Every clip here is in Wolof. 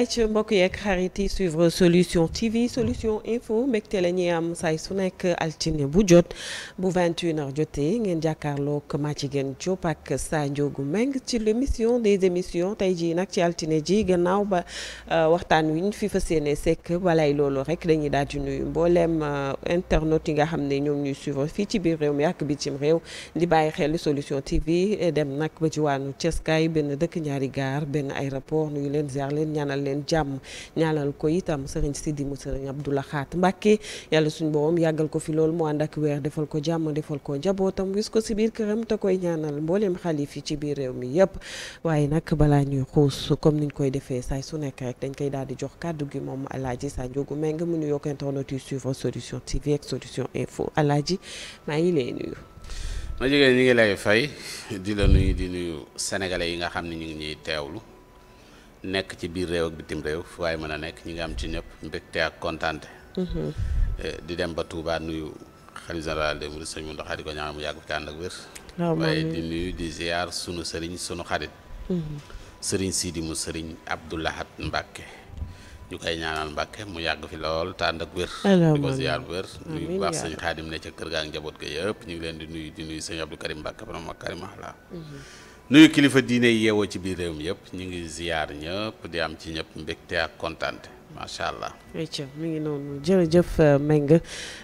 ay ci mbokk yeeg xarit yi suivre solution TV solution info mbégte la ñuy am saay su nekk altine bu jot bu 21h jotee ngeen jàkkaarloog Mathiguène Diop ak Sa Ndiogou Meng ci l' émission des émissions tey jii nag ci altine ji gannaaw ba euh, waxtaan wi fi fa yéene sekk balay loolu rek dañuy daal di mboolem euh, internet yi nga xam ne ñoom ñuy suivre fii ci biir réew mi ak bitim réew di bàyyi xel solution TV dem nag ba ci waanu Ceskaay benn dëkk ñaari gaar benn aéroport leen jàmm ñaanal ko itam sëriñ di mu sëriñ la Lahat Mbàkke yàlla suñ borom yàggal ko fi loolu mu ànd ak weer defal ko jàmm defal ko njabootam wis ko si biir këram te koy ñaanal mbooleem xalif yi ci biir réew mi yëpp waaye nag balaa ñuy xuus comme niñ koy defee saay su nekk rek dañ koy daal di jox kàddu gi moom alaaji sa njogu meng mu nuyoo ko internet yu suivre solution tv ak solution info alaaji maa ngi lay nuyu ma jigéen ñi ngi lay fay di la yi nga xam ñu ngi nekk ci biir réew ak bitim réew fu waaye mën a nekk ñi nga am ci ñëpp mbégte ak kontaante mm-hmm. eh, di dem ba tuubaa nuyu xalifa général des mourides sëñ Mountakha di ko mu di nuyu sëriñ sunu xarit mm-hmm. sëriñ Sidi mu sëriñ Abdou Lahad Mbacke ñu koy mu yàgg fi lool te ànd ak wér di ko ziar bu wér nuyu bu baax Xaadim ne ca kër ga njaboot ga yëpp ñu ngi leen di nuyu di nuyu sëñ Abdou Karim Mbacke borom ak Karim Ahla mm-hmm. nuyu kilifa diine yeewoo ci biir réew mi yëpp ñu ngi ziyaar ñëpp di am ci ñëpp mbégte ak kontaante macha allah. ayca mi ngi noonu jërëjëf euh, Mbengue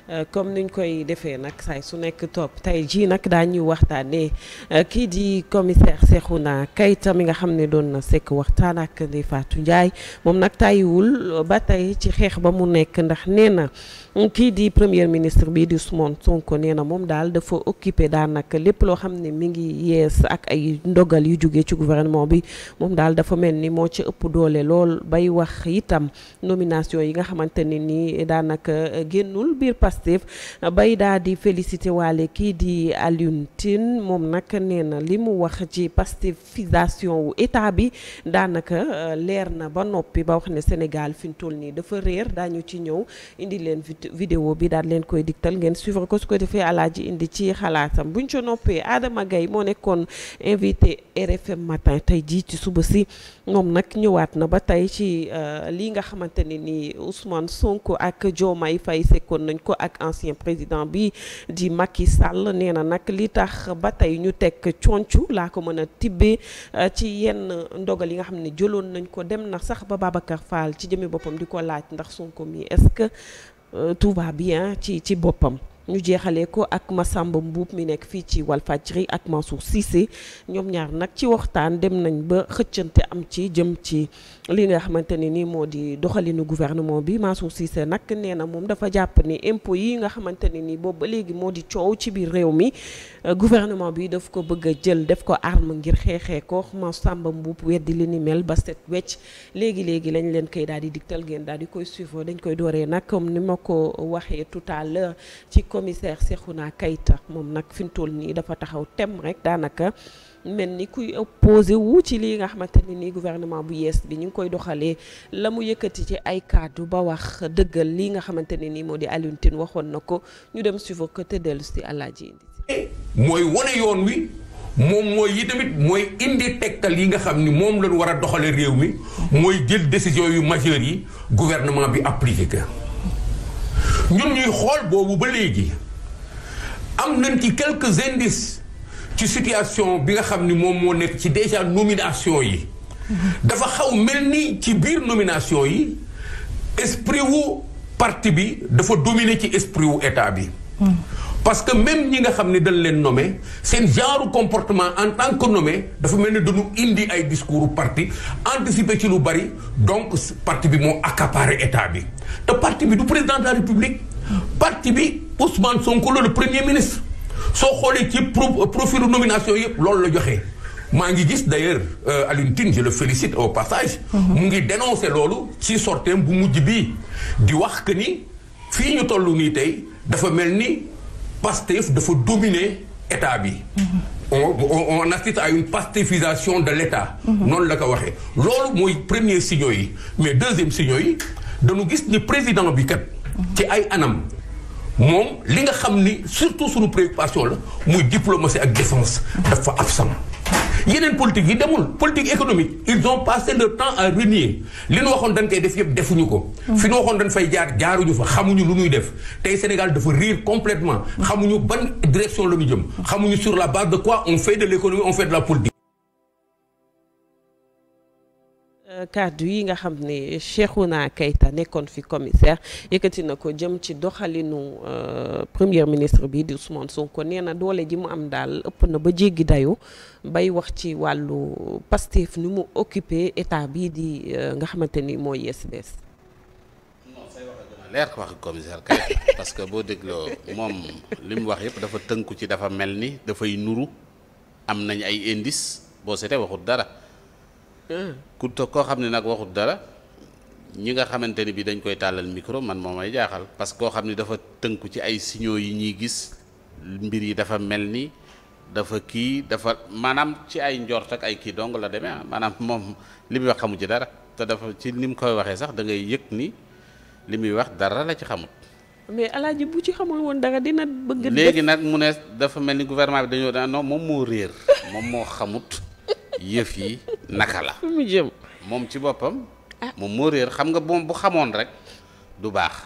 euh, comme ni niñ koy defee nag saay su nekk topp tey jii nag daañuy waxtaanee euh, kii di commissaire naa Keita mi nga xam ne doon na sekk waxtaan ak Ndeye faatu Ndiaye moom nag tàyyiwul ba tey ci xeex ba mu nekk ndax nee na kii di premier ministre bi di Ousmane Sonko nee na moom daal dafa occupé daanaka lépp loo xam ne mi ngi yees ak ay ndogal yu jógee ci gouvernement bi moom daal dafa mel ni moo ci ëpp doole lool bay wax itam. nomination yi nga xamante ne ni daanaka génnul biir Pastef bay daal di félicité waale kii di Alioune Tine moom nag nee na li mu wax ci pastéfisation wu état bi daanaka euh, leer na ba noppi ba wax ne Sénégal fi mu nii dafa réer daañu ci ñëw indi leen vidéo bi daal leen koy diktal ngeen suivre ko su ko defee alaaji indi ci xalaatam buñ ci noppee Adama Gaye moo nekkoon invité RFM matin tey jii ci suba si moom nag ñëwaat na ba tey ci euh, lii nga xamante xamante ne ni Ousmane Sonko ak Diomaye fay sekkoon nañ ko ak ancien président bi di Macky Sall nee na nag li tax ba tey ñu teg conc laa ko mën a tibbee euh, ci yenn ndogal yi nga xam ne jëloon nañ ko dem na sax ba Babacar Fall ci jëme boppam di ko laaj ndax Sonko mi est-ce que euh, tout va bien ci ci boppam ñu jeexalee ko ak ma Massamba Mbuub mi nekk fii ci Walfadjri ak ma suuf Cissé ñoom ñaar nag ci waxtaan dem nañ ba xëccante am ci jëm ci li nga xamante ne ni moo di doxalinu gouvernement bi Mansour Cissé nag nee na moom dafa jàpp ni impôt yi nga xamante ne ni boobu ba léegi moo di coow ci biir réew mi euh, gouvernement bi daf ko bëgg a jël def ko arme ngir xeexee ko Massamba Mbuub weddi li ni mel ba set wecc léegi léegi lañ leen koy daal di digtal ngeen daal di koy suivre dañ koy dooree nag comme ni ma ko waxee tout commissaire naa Keïta moom nag fi mu toll nii dafa taxaw tem rek daanaka mel ni kuy opposé wu ci lii nga xamante ne nii gouvernement bu yees bi ñu ngi koy doxalee la mu yëkkati ci ay kàddu ba wax dëggal lii nga xamante ne nii moo di Alioune Tine waxoon na ko ñu dem suivre ko te dellu si àllaaji indi mooy wane yoon wi moom mooy yi tamit mooy indi tegtal yi nga xam ni moom lañu war a doxale réew mi mooy jël décision yu majeures yi gouvernement bi appliqué ko ñun ñuy xool boobu ba léegi am nañ ci quelque indices ci situation bi nga xam ni moom moo nekk ci déjà nomination yi. dafa xaw mel ni ci biir nomination yi esprit wu parti bi dafa dominer ci esprit wu état bi. parce que même ñi nga xam ne dañ leen nommé seen genre comportement en tant que dafa mel ni dañu indi ay discours parti anticiper ci lu bari donc parti bi moo accaparé état bi te parti bi du président de la république parti bi Ousmane Sonko la le premier ministre soo xoolee ci profilu nomination yëpp loolu la joxee maa ngi gis d'ailleurs euh, Alioune Tine je le félicite au passage mhm. mu ngi dénoncer loolu ci sorteem bu mujj bii di wax que ni fii ñu toll nii tey dafa mel ni Pastef dafa dominer état bi. Mm-hmm. on on assiste à une pastéfisation de l'état mm-hmm. noonu la ko waxee loolu mooy premier signaux yi mais deuxième signaux yi dañu gis ni président bi kat. ci ay anam moom li nga xam ni surtout suñu préoccupation la muy diplomatie ak défense mm-hmm. dafa absent yeneen politique yi demul politique économique ils ont passé leur temps à renier li ñu waxoon dañ def yëpp defuñu ko mm. fi ñu waxoon dañ fay jaar jaaruñu fa xamuñu lu ñuy def tey Sénégal dafa riir complètement mm. xamuñu ban direction la ñu jëm xamuñu sur la base de quoi on fait de l'économie on fait de la politique kàddu yi nga xam ne Cheikhouna Keita nekkoon fi commissaire yëkkati na ko jëm ci doxalinu euh, premier ministre bi di Ousmane Sonko nee na doole ji mu am daal ëpp na ba jéggi dayo bay wax ci wàllu Pastef ni mu occupé état bii di euh, nga xamante ni mooy SBS. non say wax dana parce que boo dégloo moom li mu wax yëpp dafa tënku ci dafa mel ni dafay nuru am nañ ay indis boo seetee waxut dara. ku toog koo xam ne nag waxut dara ñi nga xamante ni bii dañ koy tàllal micro man moo may jaaxal parce que koo xam ni dafa tënku ci ay signaux yi ñuy gis mbir yi dafa mel ni dafa kii dafa maanaam ci ay njort ak ay kii dong la demee ah. maanaam moom li muy wax xamu ci dara te dafa ci ni mu koy waxee sax da ngay yëg ni li muy wax dara la ci xamut mais alaaji bu ci xamul woon dara dina bëgg léegi nag mu ne dafa mel ni gouvernement bi dañoo daan ah, moom moo réer moom moo xamut yëf yi naka la mu jëm moom ci boppam moom ah. moo réer xam nga moom bu xamoon rek du baax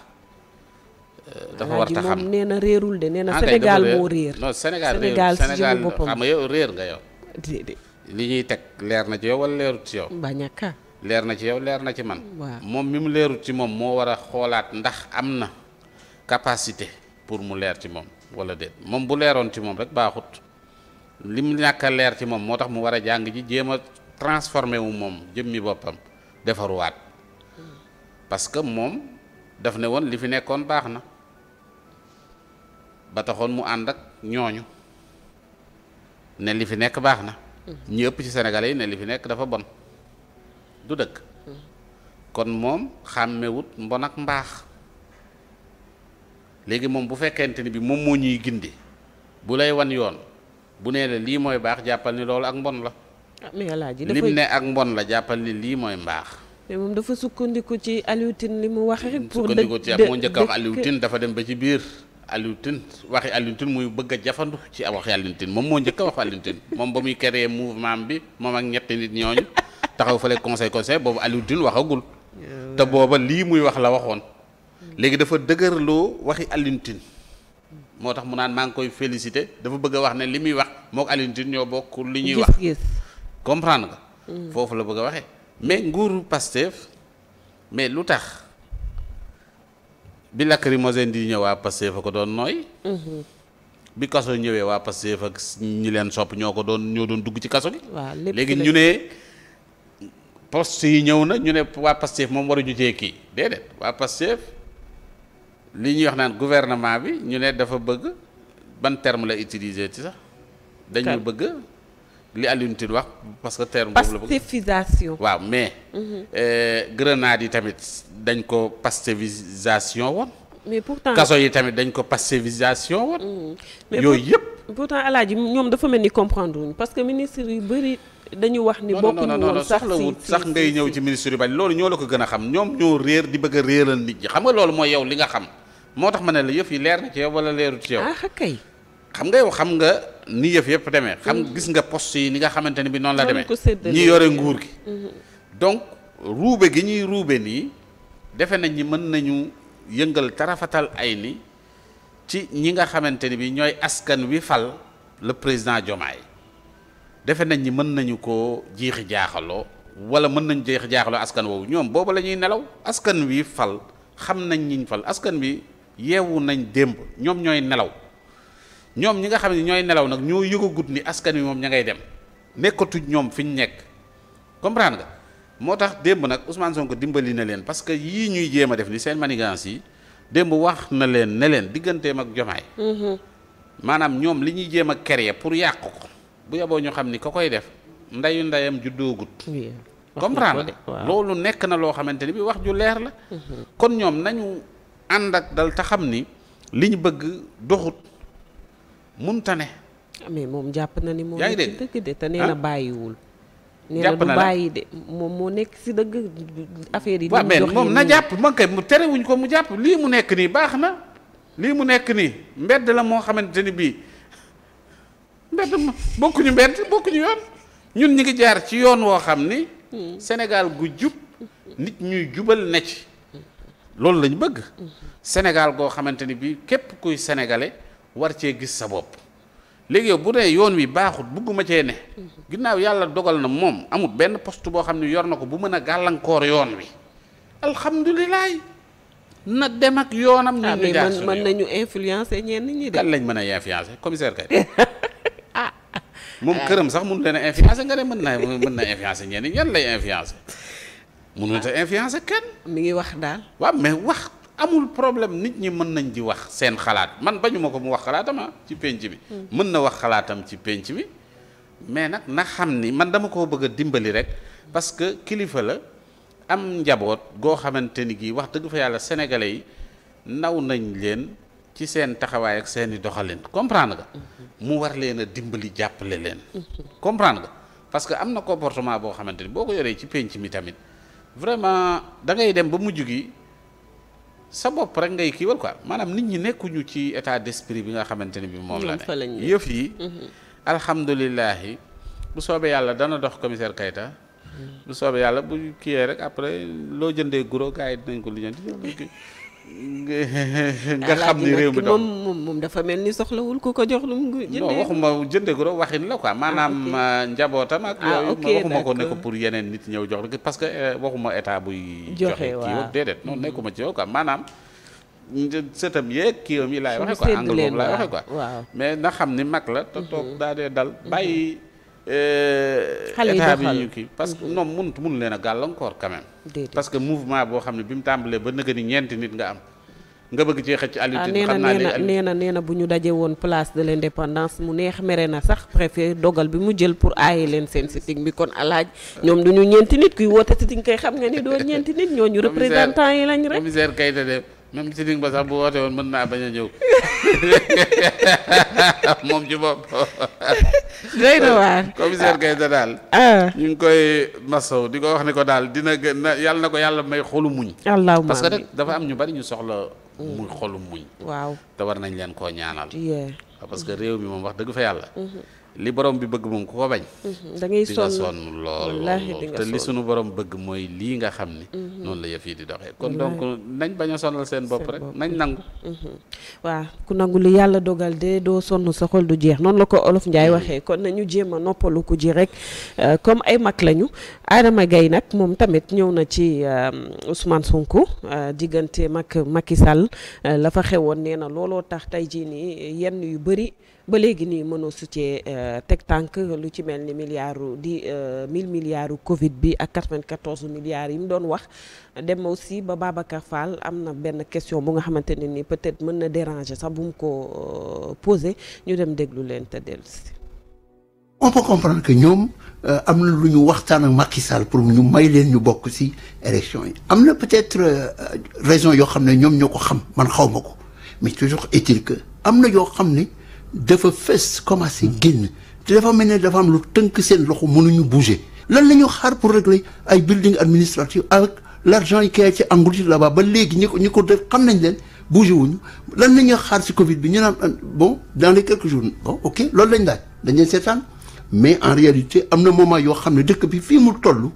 euh, dafa war ta xam nee na réerul de nee na ah, Sénégal moo réer non Sénégal Sénégal Sénégal xam nga yow réer nga yow déedéet li ñuy teg leer na ci yow wala leerut ci yow ba ñàkka leer na ci yow leer na ci man moom mi mu ci moom moo war a xoolaat ndax am na capacité pour mu leer ci moom wala déet moom bu leeroon ci moom rek baaxut lim ñàkk leer ci moom moo tax mu war a jàng ji jéem transformé wu moom jëmmi boppam defaruwaat parce que moom daf ne woon li fi nekkoon baax na ba taxoon mu ànd ak ñooñu ne li fi nekk baax na ñi ëpp ci sénégalais yi ne li fi nekk dafa bon du dëkk kon moom xàmmewut mbon ak mbaax léegi moom bu fekkente ni bi moom moo ñuy gindi bu lay wan yoon bu nee la lii mooy baax jàppal ni loolu ak mbon la Ah, mais alaaji dafay lim ne ak mbon la jàppal ni lii mooy mbaax. mais moom dafa sukkandiku ci Aliou li mu waxee rek. pour dë sukkandiku ci moo njëkk a wax Aliou Tine dafa dem ba ci biir. Aliou Tine waxi Aliou bëgg a jafandu ci waxi Aliou moom moo njëkk a wax Aliou Tine moom ba muy créer mouvement bi moom ak ñetti nit ñooñu taxaw fële conseil conseil boobu Aliou Tine waxagul. Ah, te booba lii muy wax la waxoon. léegi dafa dëgërloo waxi alintin moo tax mu naan maa ngi koy félicité dafa bëgg a wax ne li muy wax moog Aliou ñoo bokkul li ñuy wax. comprendre nga. Hmm. foofu la bëgg a waxee mais nguur Pastef mais lu tax bi lacrymogène di ñëw waa Pastef a ko doon nooy. Hmm. bi kaso ñëwee waa Pastef ak ñi leen sopp ñoo ko doon ñoo doon dugg ci kaso gi. léegi ñu ne post yi ñëw na ñu ne waa Pastef moom waruñu cee kii déedéet waa Pastef li ñuy wax naan gouvernement bi ñu ne dafa bëgg ban terme la utiliser ci sax. dañu bëgg. li Alioune wax parce que terme boobu la bëgg pastefisation waaw mais mhm. euh, grenade yi tamit dañ ko pastefisation woon mais pourtant kaso yi tamit dañ ko pastefisation woon mhm. yooyu yëpp pourtant alaaji ñoom dafa mel ni comprendre wuñu parce que ministre yu bëri dañu wax ni bokkuñu woon sax si sax ngay ñëw ci ministre yu bari loolu ñoo la ko gën a xam ñoom ñoo réer di bëgg a réeral nit ñi xam nga loolu mooy yow li nga xam moo tax ma ne la yëf yi leer na ci yow wala leeru ci yow ah, xam nga yow xam nga ni yëf yëpp demee. xam mm-hmm. gis nga post yi ni nga xamante ni bi noonu la demee. ñi yore nguur gi. Mm-hmm. donc ruube gi ñuy ruube nii defe nañ ñi mën nañu yëngal tarafatal ay ni ci ñi nga xamante ni bi ñooy askan wi fal le président Diomaye defe nañ ni mën nañu koo jiixi jaaxaloo wala mën nañ jeex jaaxloo askan woowu ñoom boobu la ñuy nelaw askan wi fal xam nañ ñiñ fal askan wi yeewu nañ démb ñoom ñooy nelaw ñoom ñi nga xam ne ñooy nelaw nag ñoo yëgagut ni askan wi moom ña ngay dem nekkatuñ ñoom fi ñu nekk comprendre nga moo tax démb nag Ousmane Sonko dimbali na leen parce que yii ñuy jéem a def ni seen manigance yi démb wax na leen ne leen digganteem ak jomaay mm-hmm. maanaam ñoom li ñuy jéem a ker créer pour yàq ko bu yeboo ñu xam ni ko koy def ndeyu ndeyam juddoogut comprendre loolu nekk na loo xamante ni bi wax ju leer la mm-hmm. kon ñoom nañu ànd ak dal te xam ni li ñu bëgg doxut munta ne. Ah, mais moom jàpp na ni moom. yaa ngi dégg ci dëgg de te nee ah. bàyyiwul. jàpp na la du bàyyi de moom moo nekk si dëgg affaire yi. waaw mais moom na jàpp man kay mu terewuñ ko mu jàpp lii mu nekk nii baax na lii mu nekk nii mbedd la moo xamante ni bii mbedd ma bokkuñu mbedd bokkuñu yoon ñun ñu ngi jaar ci yoon woo xam ni. Hmm. Sénégal gu jub nit ñuy jubal ne ci. loolu lañ bëgg. Hmm. Sénégal goo xamante ni bii képp kuy sénégalais. war cee gis sa bopp léegi yow bu dee yoon wi baaxut bugguma cee ne ginnaaw yàlla dogal na moom amul benn post boo xam ne yor na ko bu mën a gàllankoor yoon wi alhamdulilah na dem ak yoonam. ñu ngi ah, jaar mën nañu influencer ñenn ñi de. kan lañ mën a influencer commissaire kay. ah moom këram sax mënu leen a influencer mën naa mën na influencer ñenn ñan lay influencer. mënut kenn. mi ngi wax daal. waaw mais wax. amul problème nit ñi mën nañ di wax seen xalaat man bañuma ko mu wax xalaatam ah ci pénc mi. Hmm. mën na wax xalaatam ci pénc mi mais nag na xam ni man dama koo bëgg a dimbali rek parce que kilifa la am njaboot goo xamante ni gii wax dëgg fa yàlla sénégalais yi naw nañ leen ci seen taxawaay ak seeni doxalin comprend nga. Hmm. mu war leen a dimbali jàppale leen. Hmm. comprendre nga parce que am na comportement boo xamante ni boo ko yoree ci pénc mi tamit vraiment da dem ba mujj gi. sa bopp rek ngay kii kiiwal quoi maanaam nit ñi nekkuñu ci état d'esprit bi nga xamante ni bi moom la ne yëf yi mm-hmm. alhamdulilahi bu soobee yàlla dana dox commissaire Kayta mm-hmm. bu soobee yàlla bu kiiyee rek après loo jëndee guro gars yi dinañ ko lijjanti nga xam ni réew mi doon moom moom dafa mel ni soxlawul ku ko jox lu mu jëndee non waxuma jëndee waxin la quoi ah, maanaam euh, njabootam ak ah, yooyu waxuma ko ne pour yeneen nit ñëw jox rek parce que euh, waxuma état buy joxe kii wag déedéet noonu mm-hmm. nekkuma ci yow quoi maanaam sëtam yeeg kii yam waxe quoi angle boobu laay waxe quoi mais na xam ni mag la te mm-hmm. toog daa dee dal mm-hmm. bàyyi Euh, état bi ñu kii parce que ñoom mënut mënu leen a gàllankoor quand parce que mouvement boo xam ne bi mu tàmbalee ba nëga ni ñeenti nit nga am nga bëgg cee xëcc ah, Aliou Tine xam naa léegi nee na nee na bu ñu dajee woon place de l'indépendance mu neex mere na sax préfet dogal bi mu jël pour aaye leen seen sitting bi kon alaaj ñoom du ñu ñeenti nit kuy woote sitting kay xam nga ni doo ñeenti nit ñooñu représentant yi lañ rek même si ba sax bu woote woon mën naa bañ a ñëw moom ci bopp. doy na waar commissaire Gaye daal. Ah. Ah. ñu ngi koy masaw di ko wax ne ko daal dina gën yàlla na ko yàlla may xolu muñ. allahumma parce que rek dafa am ñu bari ñu soxla. Mm. muy xolu muñ. waaw te war nañ leen koo ñaanal. parce que réew mi moom wax dëgg fa yàlla. Mm-hmm. li borom bi bëgg moom ku ko bañ. Mhm, da ngay sonn lool te li sunu borom bëgg mooy lii nga xam ni. Mhm. noonu la yëf yi di doxee kon donk nañ bañ a sonal seen bopp rek nañ nangu. Mhm. waaw ku nangu lu yàlla dogal de doo sonn sa xol du jeex noonu la ko olof Ndiaye waxee kon nañu jéem a noppalu ko ji rek euh, comme ay mag lañu Adama Gaye nag moom tamit ñëw na ci euh, Ousmane Sonko euh, diggante mag Macky Sall la fa xewoon nee na looloo tax tey jii nii yenn yu bëri. ba léegi nii mënoo su cee euh, teg tànk lu ci mel ni milliards di 1000 euh, milliards Covid bi ak 94 milliards yi mu doon wax dem aussi ba Babacar Fall am na benn question bu nga xamante ne ni peut-être mën na déranger sax bu mu ko euh, posé ñu dem déglu leen te dellusi on peut comprendre que ñoom am na lu ñu waxtaan ak ma Sall pour ñu may leen ñu bokk ci élection yi am na peut-être raison yoo xam ne ñoom ñoo ko xam man xaw ma ko mais toujours est-il que am na yoo xam ne dafa fes commencé génn te dafa mel ne dafa am lu tënk seen loxo mënuñu bouger lan la ñu xaar pour régler ay building administratif avec l' argent yi kay ci englouti là-bas ba léegi ñi ko ñi ko def xam nañ leen bougé wuñu lan la ñuy xaar si Covid bi ñu naan euh, bon dans les quelques jours bon ok loolu lañ laaj dañ leen seetaan mais en réalité am na moment yoo xam ne dëkk bi fii mu toll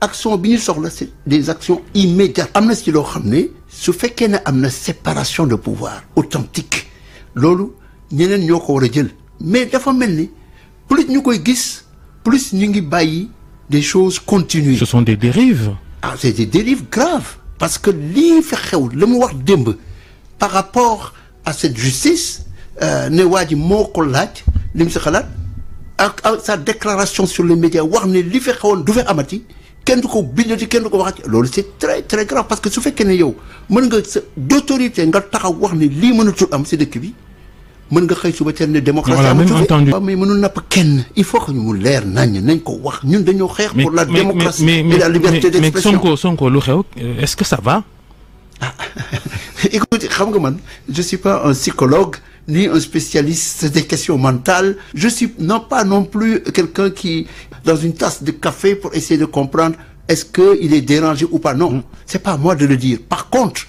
action bi ñu soxla c'est des actions immédiates am na si loo xam ne su fekkee ne am na séparation de pouvoir authentique loolu ñeneen ñoo ko war a jël mais dafa mel ni plus ñu koy gis plus ñu ngi bàyyi des choses continues. ce sont des dérives. ah c'est des dérives graves. parce que lii fi xew la mu wax démb par rapport à cette justice euh, ne waa ji moo ko laaj li mu si xalaat ak sa déclaration sur les médias wax ne li fi xewoon du fi amati kenn du ko bindati kenn du ko waxati loolu c'est très très grave parce que su fekkee ne yow mën nga d'autorité nga taxaw wax ne lii mënatul am si dëkk bi. mën nga xëy suba teel ne démocratie waaw mais mënul napp kenn il faut que mu leer nañ nañ ko wax ñun dañoo xeex pour la démocratie et la liberté d'expression mais Sonko Sonko lu xew euh, est-ce que ça va ah écoute xam nga man je suis pas un psychologue ni un spécialiste des questions mentales je suis non pas non plus quelqu'un qui dans une tasse de café pour essayer de comprendre est-ce que il est dérangé ou pas non hmm. c'est pas à moi de le dire par contre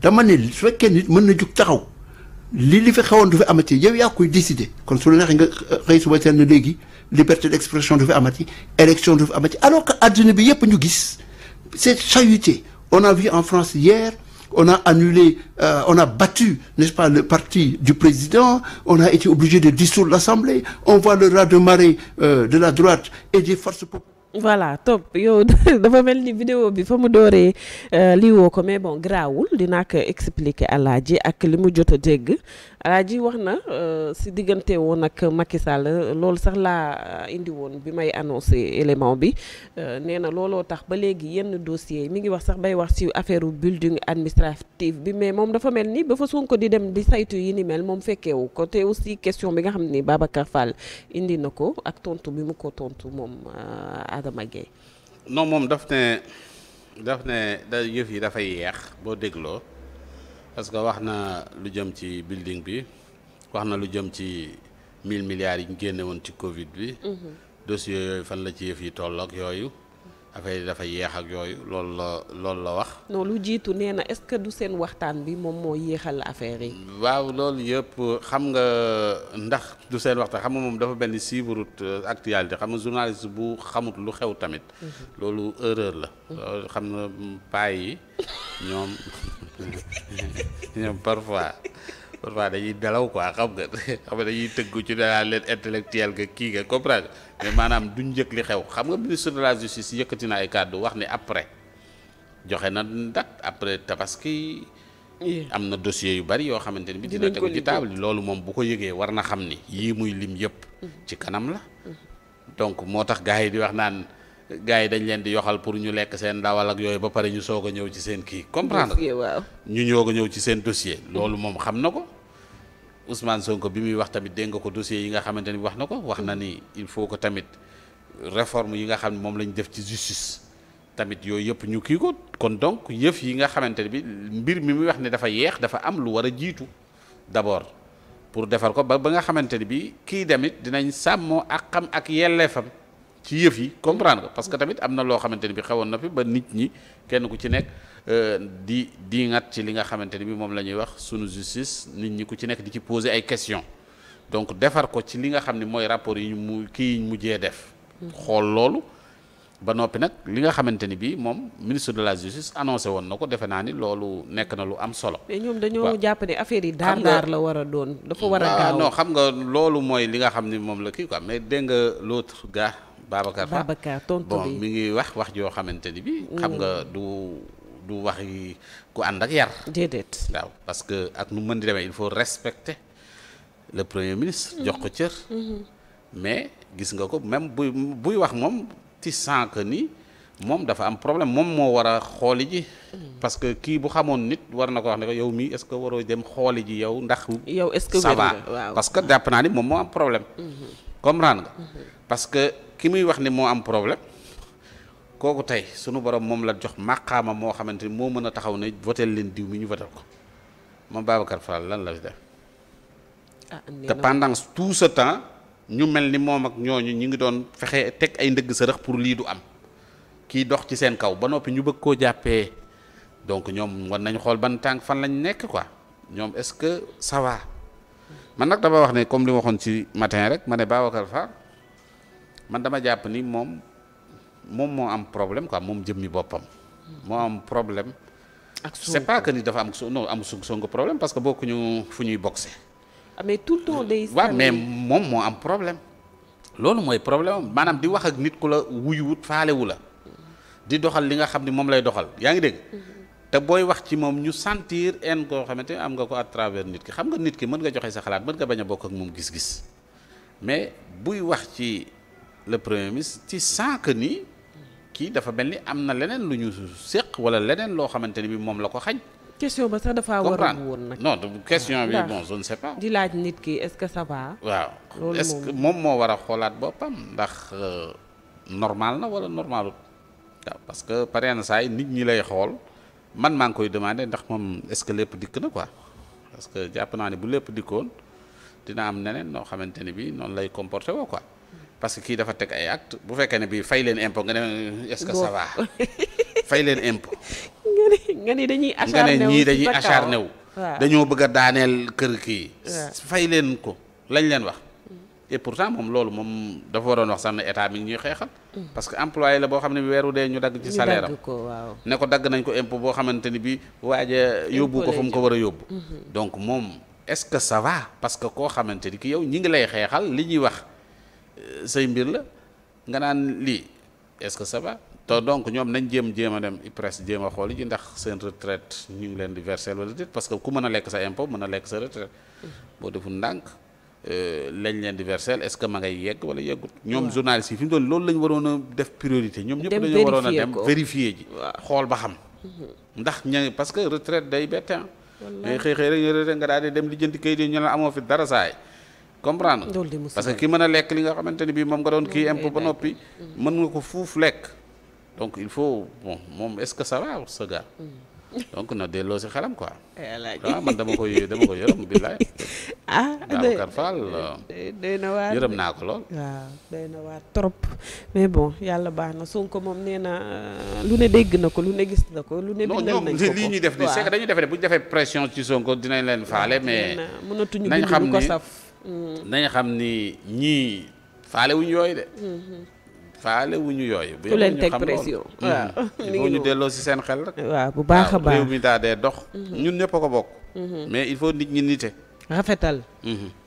dama ne su fekkee nit mën na jug taxaw li li fi xewoon du fi amati yow yaa koy décider kon su la neexee nga xëy suba teel na léegi liberté d'expression du fi amati élection du amati alors que adduna bi yëpp ñu gis c'est chahuté on a vu en France hier on a annulé euh, on a battu n'est-ce pas le parti du président on a été obligé de dissoudre l'Assemblée on voit le raz-de-marée euh, de la droite et des forces populaires voilà toog yow dafa mel ni vidéo bi fa mu dooree euh, lii woo ko mais bon grawul dinaa ko expliquer alaaji ak li mu jot a dégg alaaji wax na euh, si diggante woon ak Macky Sall loolu sax laa euh, indi woon bi may annoncé élément bi euh, nee na looloo tax ba léegi yenn dossiers yi mi ngi wax sax bay wax si affaire building administratif bi mais moom dafa mel ni ba fa Sonko di dem di saytu yi ni mel moom fekkeewu ko te aussi question bi nga xam ni Babacar Fall indi na ko ak tontu bi mu ko tontu moom Adama Gueye non moom daf ne daf ne yëf yi dafa yeex boo dégloo parce que wax na lu jëm ci building bi wax na lu jëm ci mille milliards yi ñu génne woon ci Covid bi. Mhm. dossier yooyu fan la ci yëf yi toll ak yooyu. affaire yi dafa yéex ak yooyu loolu la loolu la wax. non lu jiitu nee na est-ce que du seen waxtaan bi moom moo yéexal affaire yi. waaw loolu yëpp xam nga ndax du seen waxtaan xam moom dafa benn siiburut euh, actualité xam nga journaliste bu xamut lu xew tamit. Mhm. loolu erreur la. Mhm. xam nga paay yi ñoom. ñoom parfois parfois dañuy dalaw quoi xam nga xam nga dañuy tëggu ci dalaa leen intellectuel nga kii nga comprendre mais maanaam duñ njëkk li xew xam nga ministre de la justice yëkkati na ay kàddu wax ne après joxe na date après tabaski am na dossier yu bari yoo xamante ni bi dina tegu ci table loolu moom bu ko yëgee war na xam ni yii muy lim yëpp mhm. ci kanam la mhm. donc moo tax gars yi di wax naan gars yi dañ leen di yoxal pour ñu lekk seen ndawal ak yooyu ba pare ñu soog a ñëw ci seen kii comprendre ñu ñoog a ñëw ci seen dossier loolu moom xam na ko Ousmane Sonko bi muy wax tamit dégg nga ko dossier yi nga xamante ni wax na ko wax na ni il faut que tamit réforme yi nga xam ne moom la def ci justice tamit yooyu yëpp ñu ko kon donc yëf yi nga xamante ne bi mbir mi muy wax ne dafa yeex dafa am lu war a jiitu d'abord pour defar ko ba ba nga xamante bi kii tamit dinañ sàmmoo ak xam ak yelleefam ci yëf yi comprendre nga parce que tamit am na loo xamante ni bi xewoon na fi ba nit ñi kenn ku ci nekk euh, di di ci li nga xamante ni bi moom la ñuy wax sunu justice nit ñi ku ci nekk di ci poser ay questions donc defar ko ci li nga xam ni mooy rapport yi ñu mu kii ñu mujjee def. xool loolu ba noppi nag li nga xamante ni bii moom ministre de la justice annoncé woon na ko defe naa ni loolu nekk na lu am solo. ñoom dañoo jàpp ne affaire yi daar daar la war a doon. dafa war a xam nga loolu mooy li nga xam ni moom la kii quoi mais dégg nga l'autre gars Babacar Babacar tontu bon mi ngi wax wax joo xamante ni bi xam nga mm. du du wax yi ku ànd ak yar déedéet waaw parce que ak nu mën di demee il faut respecter le premier ministre mm. jox ko cër mm-hmm. mais gis nga ko même buy buy wax moom ci sànq ni moom dafa am problème moom moo war a xooli ji mm. parce que kii bu xamoon nit war na ko wax ne ko yow mii est-ce que waroo dem xooli ji yow ndax yow est-ce que ça va parce que jàpp naa ni moom moo am problème mm-hmm. comprendre nga mm-hmm. parce ki muy wax ni moo am problème kooku tey sunu borom moom la jox màqaama moo xamante ni moo mën a taxaw ne votel leen diw mi ñu votel ko moom Babacar Fall lan la fi def ah, te pendant tout ce temps ñu mel ni moom ak ñooñu ñu ngi doon fexe teg ay ndëgg sërëx pour lii du am kii dox ci seen kaw ba noppi ñu bëgg koo jàppee donc ñoom war nañ xool ban tànk fan lañ nekk quoi ñoom est-ce que ça va man nag dama wax ne comme li waxoon ci matin rek ma ne Babacar Fall man dama jàpp ni moom moom moo am problème quoi moom jëmmi boppam. moo am problème. ak c'est pas que ni dafa am non am Sonko problème parce que bokkuñu fu ñuy boxe ah, mais tout le temps day. mais moom moo am problème. loolu mooy problème maanaam di wax ak nit ku la wuyuwut faalewu la di doxal li nga xam ni moom lay doxal yaa ngi dégg. Mm-hmm. te booy wax ci moom ñu sentir en koo xamante am nga ko à travers nit ki xam nga nit ki mën nga joxe sa xalaat mën nga bañ a bokk ak moom gis-gis mais buy wax ci. le premier ministre ci sànq ni kii dafa mel ni am na leneen lu ñu séq wala leneen loo xamante ni bi moom la ko xañ question ba sax dafa war a woon nag non question bi bon je ne sais pas. laaj nit ki est-ce que ça va. waaw est moom moo war a xoolaat boppam ndax euh, normal na wala normalut parce que pare na saa nit ñi lay xool man maa ngi koy demander ndax moom est-ce que lépp dikk na quoi parce que jàpp naa ne bu lépp dikkoon dina am neneen noo xamante ne bi noonu lay comporté woo quoi. parce que kii dafa teg ay acte bu fekkee ne bii fay leen impôt nga ne fay leen impôt. nga ne dañuy acharné ñii dañuy acharné wu. dañoo bëgg a daaneel kër kii. fay leen ko lañ leen wax. et pourtant moom loolu moom dafa waroon wax sax ne état mi ngi ñuy xeexal. Mm. parce que employé la boo xam ne bi weeru dee ñu dagg ci salaire am ne ko dagg nañ ko impôt boo xamante ni bi waaja yóbbu ko fa mu ko war a yóbbu. Mm-hmm. donc moom est-ce que ça parce que koo xamante ni ki yow ñi ngi lay xeexal li ñuy wax. say mbir la nga naan lii est-ce que ça va te donc ñoom nañ jéem jéem a dem IPRES jéem a xool ji ndax seen retraite ñu ngi leen di verser wala déet parce que ku mën a lekk sa impôt mën a lekk sa retraite boo deful ndànk euh, lañ leen di verser est-ce que ma ngay yegg wala yeggul ñoom journalistes yi fi mu doon loolu la ñu waroon a def priorité ñoom ñëpp dañoo waroon a dem vérifier ji xool ba xam mm-hmm. ndax ña parce que retraite day bette mais xëy xëy rek nga daa di dem li jënti kayit yi ñu amoo fi dara comprendre parce que ki mën a lekk li nga xamante ni bii moom nga doon kii imp ba noppi mm. mën nga ko fuuf lekk donc il faut bon moom est-ce que ça va ce gars mm. donc na delloo si xelam quoi. Eh, ah man dama koy dama koy yërëm ah euh, doy na waar yërëm naa ko lool. waaw doy na waar trop mais bon yàlla baax na Sonko moom nee euh, lu ne dégg na ko lu ne gis na ko. lu ne bindal nañ ko ko lii ñuy def nii c'est ne bu ñu ko saf nañ xam ni ñii faale wuñ yooyu de. Mhm. faale wuñu yooyu. bu leen teg pression mhm. waaw ñu delloo si seen xel rek. waaw bu baax a baax réew mi daa dee dox. Mhm. ñun ñëpp a ko bokk. mais il faut nit ñi nite. rafetal.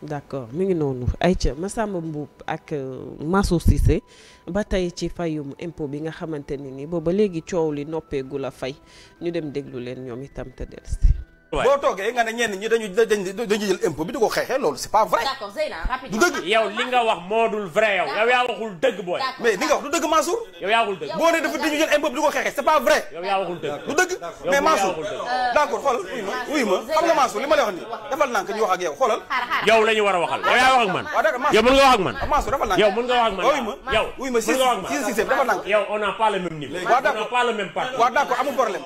d'accord mi ngi noonu ayca Massamba Mboup ak euh, Mansour Cissé ba tey ci fayum impôt bi nga xamante ne ni booba léegi coow li noppeegu la fay ñu dem déglu leen ñoom itam te dellusi boo toogee nga ne ñenn ñi dañu dañu dañu jël impôt bi di ko xeexee loolu c'est pas vrai. d'accord Zeyna rapidement du dëgg. yow li nga wax moo dul vrai yow. yow yaa waxul dëgg booy. mais li nga wax du dëgg Mansour. yow yaa waxul dëgg boo nee dafa dañu jël impôt bi di ko xeexee c'est pas vrai. yow yaa waxul dëgg du dëgg. mais Mansour euh, d'accord xoolal wuy ma wuy ma xam nga Mansour li ma lay wax nii defal naa ko ñu wax ak yow xoolal. yow la ñu war a waxal yow yaa wax ak man. Ah, yow mën nga wax ak man. Ah, Mansour defal naa yow mën nga wax ak man. yow ah, wuy ma si si si defal naa ko. yow on n'a pas le même niveau. on n'a pas le même parti. waaw d'accord amul problème.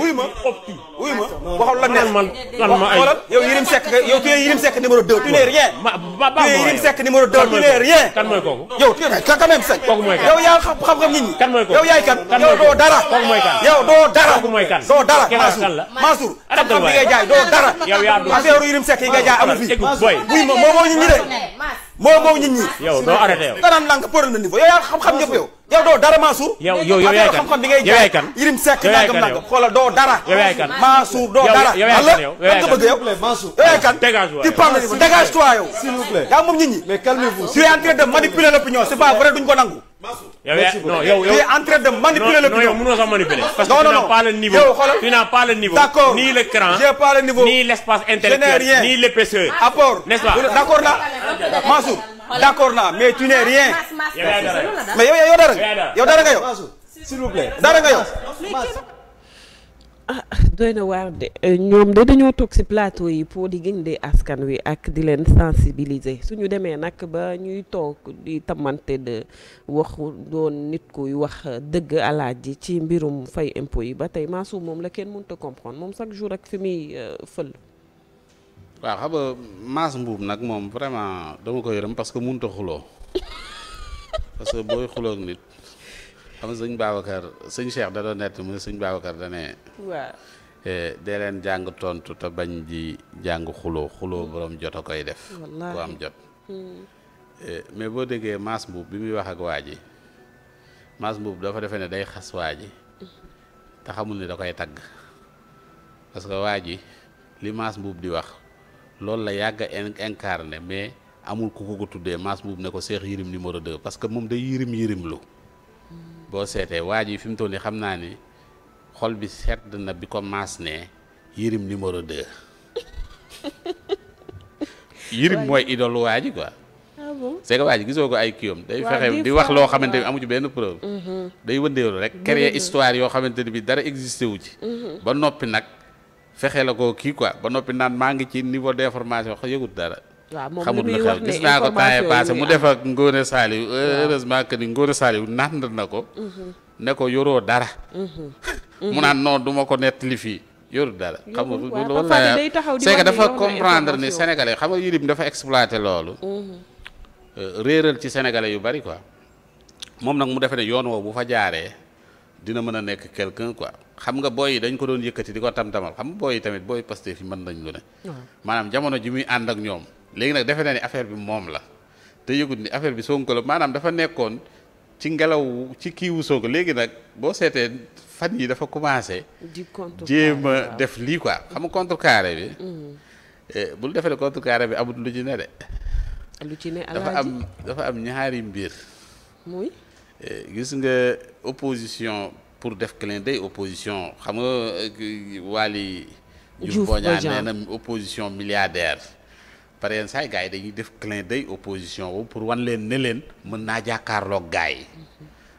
wuy ma wuy ma waxal la neex man lan ma ay yow Yirim Seck yow tu es Yirim Seck numéro 2 tu n'es rien ma ba ba tu es Yirim Seck numéro 2 tu n'es rien kan mooy kooku yow quand même sax yow yaa xam xam nit ñi kan mooy kooku yow yaay kan doo dara doo dara kooku mooy Yirim Seck yi jaay amu boy oui moom moo ñu ñi moo moom nit ñi. yow doo arrêté yow. danaan lànk përal na niveau yow yaa xam-xam ñëpp yow. yow doo dara Mansour. yow yow yow doo dara. yow doo dara. yow yaay kan yow kan. dégage waay tu parles dégage toi yow. s'il yaa moom nit ñi. mais calmez vous. tu duñ ko nangu. yow yaa non yow yow en train de manipuler l'opinion. non yow mënoo sax manipuler. parce que tu n'as pas le niveau. tu n'as pas le niveau. d'accord ni l'écran. j'ai pas le niveau. ni l'espace intellectuel. ni l'épaisseur. apport nest pas. d'accord naa Mansour. d'accord naa mais tu n'es rien. mais yow yow dara yow dara nga yow. ah doy na waar de euh, ñoom de dañoo toog ci plateau yi pour di gindi askan wi ak di leen sensibiliser suñu demee nag ba ñuy toog di tamante de waxu doon nit kuy wax dëgg alaaj ji ci mbirum fay impôt yi ba tey maasu moom la kenn mënut a moom chaque jour ak fi muy euh, fël. waaw xam nga maas nag moom vraiment dama ko yërëm parce que mënut xuloo parce booy xuloo ak nit. xam nga sëñ Babacar sëñ Cheikh da doon nett mu ne sëñ Babacar da ne. Eh, dee leen jàng tontu te bañ ji jàng xuloo xuloo borom jot a koy def. ku am jot. Hmm. Eh, mais boo déggee maas mbuub bi muy wax ak waa ji maas mbuub dafa defee ne day xas waa ji te xamul ne da koy tagg parce que waa ji li maas mbuub di wax loolu la yàgg a incarné mais amul ku ko ko tuddee maas mbuub ne ko Cheikh Yirim numéro 2 parce que moom day yirim yirim lu. boo seetee waa ji fi mu toll nii xam naa ni xol bi sedd na bi ko maas ne Yérim numéro 2 Yérim mooy idole waa ji quoi. ah waa ji gisoo ko ay kiiwam day fexe di wax loo xamante ni amu ci benn preuve. Mm-hmm. day wëndeelu rek créer histoire yoo xamante ni bi dara existé wu ci. Mm-hmm. ba noppi nag fexe la ko kii quoi ba noppi naan maa ngi ci niveau d'information yëgut dara. waaw moom xamul lu xew gis naa ko temps passé mu def ak Ngone Saliou heureusement que ni Ngone Saliou nand na ko. Mhm. ne ko yoroo dara. Mhm. mu naan non duma ko nettali fii yoru dara. xam nga loolu la c'est que dafa comprendre ni sénégalais xam nga Yérim dafa exploité loolu. Mhm. Euh, réeral ci sénégalais yu bari quoi moom nag mu defe ne yoon woowu bu fa jaaree. dina mën a nekk quelqu'un quoi xam nga booy yi dañ ko doon yëkkati di ko tam-tamal xam nga booy yi tamit booy Pastef yi mën nañ lu ne maanaam jamono ji muy ànd ak ñoom léegi nag defe na ni affaire bi moom la te yëgut ni affaire bi Sonko la maanaam dafa nekkoon ci ngelaw ci kiiwu Sonko léegi nag boo seetee fan yi dafa commencé jéem a def lii quoi am contre contrecarré bi mm-hmm. eh, bul defee contrecarré bi amul lu ci ne de lu ci ne dafa am dafa am ñaari mbir eh, gis nga opposition pour def clin day opposition xam nga eh, Waly Diouf Bodiang nee opposition milliardaire pare yenn saa yi gars yi def clin day opposition wu pour wan leen ne leen mën naa jàkkaarlook gars yi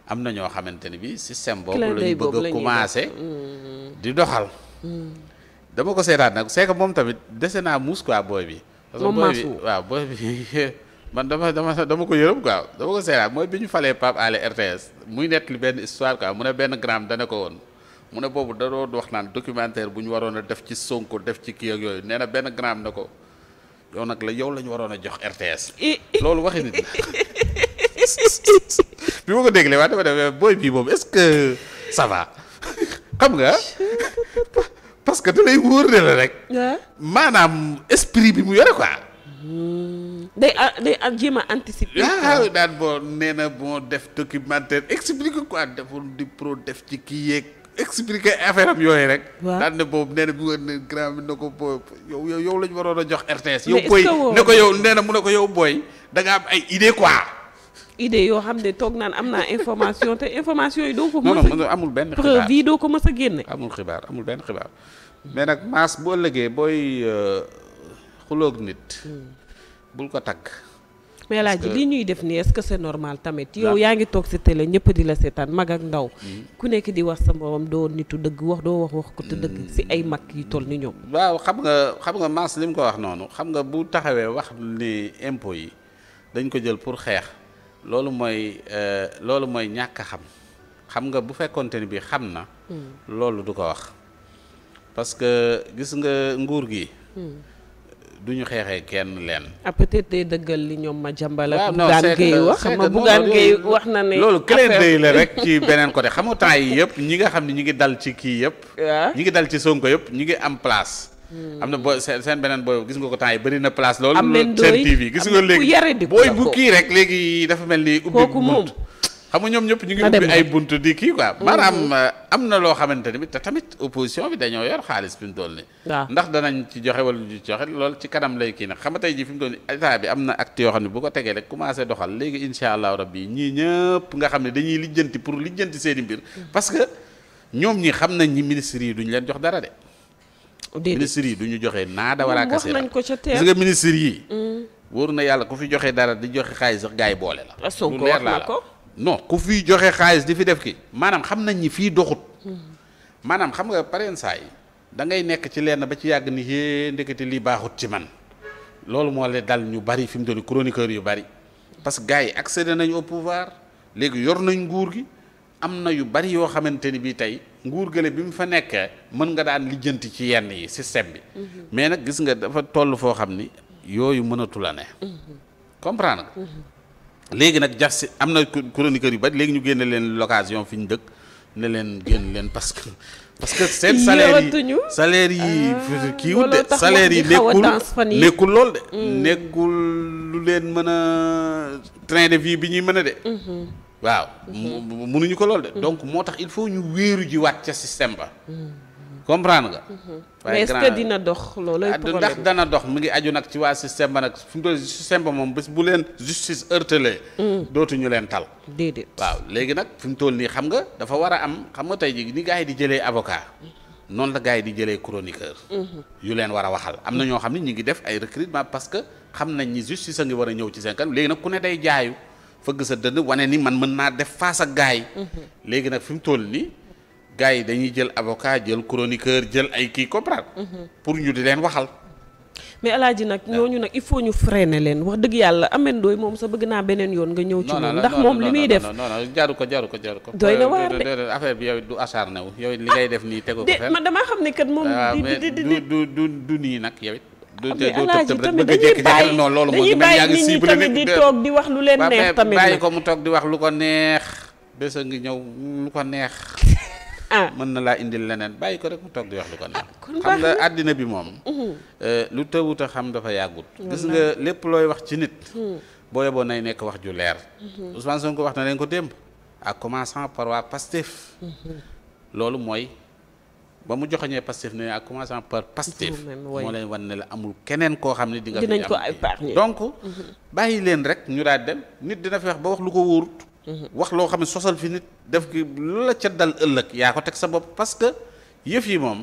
am na ñoo xamante ni bi système boobu la ñu bëgg a commencé mm. di doxal mm. dama ko seetaat nag c'est moom tamit dese naa muus quoi booy bi parce que booy bi waaw man dama dama dama ko yërëm quoi dama ko seetaat mooy bi ñu falee Pape Alé RTS muy nett li benn histoire quoi mu ne benn gramme dana ko woon mu ne boobu da doon wax naan documentaire bu ñu waroon a def ci Sonko def ci kii ak yooyu nee na benn gramme na ko yow nag la yow la ñu waroon a jox RTS. loolu waxi nit bi ma ko déglee waaye dafa def booy bii moom est-ce xam nga parce que da lay wóor ne la rek. maanaam esprit bi mu yore quoi. Hmm. day ah, day am jéem a anticiper. daan ah, boo nee na boo def documentaire explique quoi deful di pro def ci kii yéeg expliquer affaire yooyu rek. waaw ne na boobu nee na bu ne grand bi na ko yow yow yow la waroon a jox RTS. yow booy ne ko yow nee na mu ne ko yow booy da nga am ay idée quoi. idée yoo xam ne toog naan am naa information te information yi doo ko. mën amul benn xibaar preuve ko mës a génne. amul xibaar amul benn xibaar mais nag maas boo ëllëgee booy euh, xuloog nit. Hmm. bul ko takk. mais El Hadj li ñuy def nii est-ce que c'est normal tamit. yow yaa ngi toog si télé ñëpp di la seetaan mag ak ndaw. Mm-hmm. ku nekk di wax sa morom doo nitu dëgg wax doo wax wax ko te dëgg mm-hmm. si ay mag yi toll ni ñoom. waaw xam nga xam nga Mass li mu ko wax noonu xam nga bu taxawee wax ni impôt yi dañ ko jël pour xeex loolu mooy euh, loolu mooy ñàkk xam xam nga bu fekkonte ni bi xam na. Mm. loolu du ko wax parce que gis nga nguur gi. Mm. du ñu xeexee kenn leen. ah peut-être day dëggal li ñoom ma jàmbal ak. Ah, Bougane wax xam nga Bougane Gueye wax na ne. loolu clé day la rek ci beneen côté xam nga temps yi yëpp ñi nga xam ne ñi ngi dal ci kii yëpp. Ah. ñi ngi dal ci Sonko yëpp ñi ngi am place. Hmm. am na boo seen seen beneen booy gis nga ko temps yi bëri na place. loolu seen TV gis nga léegi booy bu kii rek léegi dafa mel ni. ubbi bunt xam nga ñoom ñëpp ñu ngi ubbi ay buntu di kii quoi mm. maanaam euh, am na loo xamante ni bi te tamit opposition bi dañoo yor xaalis fi mu toll ni ndax danañ ci joxe wala ñu joxe lool ci kanam lay kii nag xam nga tey jii fi mu toll ni état bi am na acte yoo xam ne bu ko tegee rek commencé doxal léegi incha allahu rabbi ñii ñëpp nga xam ne dañuy lijjanti pour lijjanti seeni mbir mm. parce que ñoom ñi xam nañ ñi ministres yi duñu leen jox dara de ministres yi duñu joxe naada wala kase gis nga ministres yi mm. wóor na yàlla ku fi joxe dara di joxe xaalis sax gars boole la lu leer laa la non ku fi joxe xaalis di fi def ki maanaam xam nañ ñi fii doxut hmm. maanaam xam nga pareen saa yi da ngay nekk ci lenn ba ci yàgg ni yée ndekete lii baaxut ci man loolu moo leen dal ñu bari fi mu doon chroniqueur yu bari parce que gars yi accédé nañ au pouvoir léegi yor nañ nguur gi am na yu bari yoo xamante ni bii tey nguur gële bi mu fa nekkee mën nga daan lijjanti ci yenn yi système bi. Hmm. mais nag gis nga dafa toll foo xam ni yooyu mënatu la ne. Hmm. comprendre léegi nag jax si am na chroniqueur yu bari léegi ñu génne leen locasion fi ñu dëkk ne leen génn leen parce que parce que seen salaire yi salaire yi ah, kiiwut de salaire yi nekkul nekkul lool de mm. nekkul lu leen mën a train de vie bi ñuy mën a de mm-hmm. waaw mënuñu mm-hmm. ko lool de mm. donc moo tax il faut ñu wéeru ji waat ca système ba mm. comprendre nga. waaye mhm. grand ah, mais est ndax dana dox mi ngi aju nag ci waa système ba nag fu mu bu leen justice heurtelee. Mm. dootuñu leen tal. waaw léegi nag fi mu toll nii xam nga dafa war a am xam nga tey jii ni gars yi di jëlee avocat. noonu la gars yi di jëlee chroniqueur. Mhm. yu leen war a waxal am na ñoo xam ne ñu ngi def ay recrutement parce que xam nañ ñi justice a ngi war a ñëw ci seen kanam léegi nag ku ne day jaayu fëgg sa dënn wane ni man mën naa def face ak gars mhm. léegi nag fi mu nii. gars yi dañuy jël avocat jël chroniqueur jël ay kii comprendre. Mhm. pour ñu di leen waxal. mais alaaji nag ñooñu nag il faut ñu freiner leen wax dëgg yàlla Ameth Ndoye moom sa bëgg naa beneen yoon nga ñëw ci moom ndax moom li muy def jaru ko jaru ko jaru ko doy na euh, waar de affaire bi yow du asaar na wu yow li ah. ngay def nii tegu ko fenn man damaa xam ne kat moom ah, di di du du du nii nag yow it ah, mais alaaji tamit dañuy bàyyi non loolu dañuy bàyyi nit ñi tamit di toog di wax lu leen neex tamit bàyyi ko mu toog di a Ah. mën na laa indil leneen bàyyi ko rek mu toog di wax lu ko naa ah, xam nga àddina bi moom mhm. eh, lu tëwut a xam dafa yàggut gis nga lépp looy wax ci nit hmm. boo yeboo nay nekk wax ju leer mhm. Ousmane Sonko wax na leen ko démb ak commençant par waa Pastef mhm. loolu mooy ba mu joxoñee Pastef ne ak commençant par Pastef moo leen wan ne la amul keneen koo xam ne di nga fi am donc bàyyi leen rek ñu daal dem nit dina fi wax ba wax lu ko wóorut Mhm. wax loo xam ne sosal fi nit def ki lu la ca dal ëllëg yaa ko teg sa bopp parce que yëf yi moom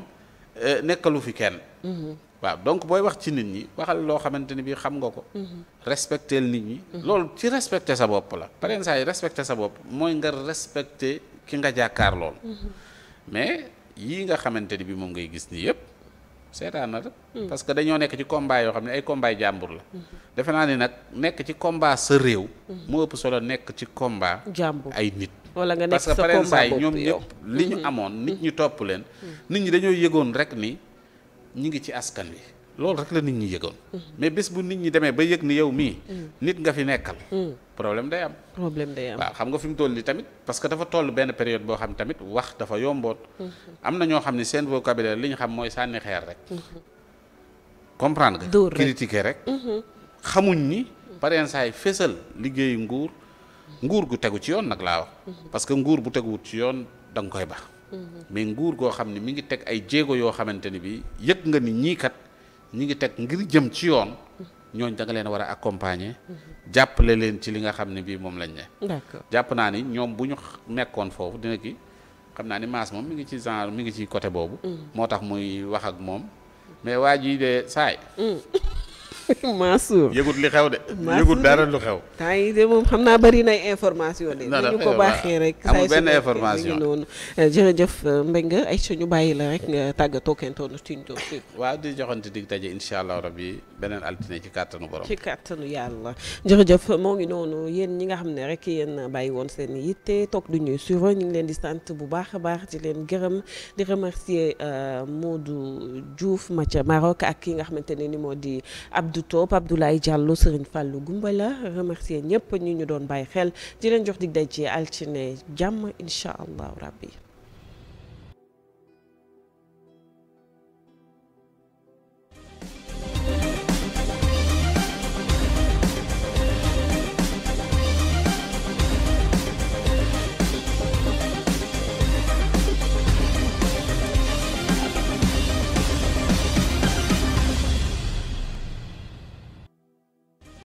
euh, nekkalu fi kenn mhm. waaw donc booy wax ci nit ñi waxal loo xamante ni bii xam nga ko mhm. respecteel nit ñi loolu ci respecté sa bopp la parents saa yi respecté sa bopp mooy nga respecté ki nga jàkkaar lool mais yii nga xamante ni bii moom ngay gis nii yëpp seetaanal hmm. parce que dañoo nekk ci combat yoo xam ne ay combat jàmbur la. Hmm. defe naa ni nag nekk ci combat sa réew. Hmm. moo ëpp solo nekk ci combat. jàmbur ay nit. wala nga nekk sa combat ñoom ñëpp li ñu amoon nit ñi topp leen. nit ñi dañoo yëgoon rek ni ñu ngi ci askan wi. loolu rek la nit ñi yëgoon. Mm-hmm. mais bés bu nit ñi demee ba yëg ni yow mii. Mm-hmm. nit nga fi nekkal. Mm-hmm. problème day am. problème waaw xam nga fi mu toll nii tamit parce que dafa toll benn période boo xam tamit wax dafa yomboot. am na ñoo xam ne seen vocabulaire li ñu xam mooy sànni xeer rek. comprendre nga. rek. xamuñ ni. pareen saay fésal liggéeyu nguur. nguur gu tegu ci yoon nag laa wax. parce que nguur bu wut ci yoon da koy baax. mais nguur goo xam ne mi ngi teg ay jéego yoo xamante ni bii yëg nga ni ñii kat. ñi ngi teg ngir jëm ci yoon ñooñ da leen war a accompagner jàppale leen ci li nga xam ne bii moom lañ ne d'accord jàpp naa ni ñoom bu ñu nekkoon foofu dina ki xam naa ni maas moom mi ngi ci genre mi ngi ci côté boobu mm. moo tax muy wax ak moom mais waa jii de saay mm. Mansour yëgut li xew de. yëgut dara lu xew. temps yii de moom xam naa bari nay information de. ñu ko baaxee rek. amul benn information saa noonu. Euh, jërëjëf euh, Mbengue ay ñu bàyyi la rek nga tàggatoo kentoon tuuti tuuti. waaw di joxante dig daje incha allah rabbi beneen altine ci kàttanu borom. ci kàttanu yàlla jërëjëf moo ngi noonu yéen ñi nga xam ne rek yéen bàyyi woon seen yitte toog du ñuy suivre ñu leen di sant bu baax a baax di leen gërëm di remercier euh, Modou Diouf ma ca Maroc ak ki nga xamante ne ni moo di Abdou Abdou Top Abdoulaye Diallo Serigne Fallou la remercier ñëpp ñu ñu doon bàyyi xel ci leen jox dig daje altine jàmm incha allahu rabbi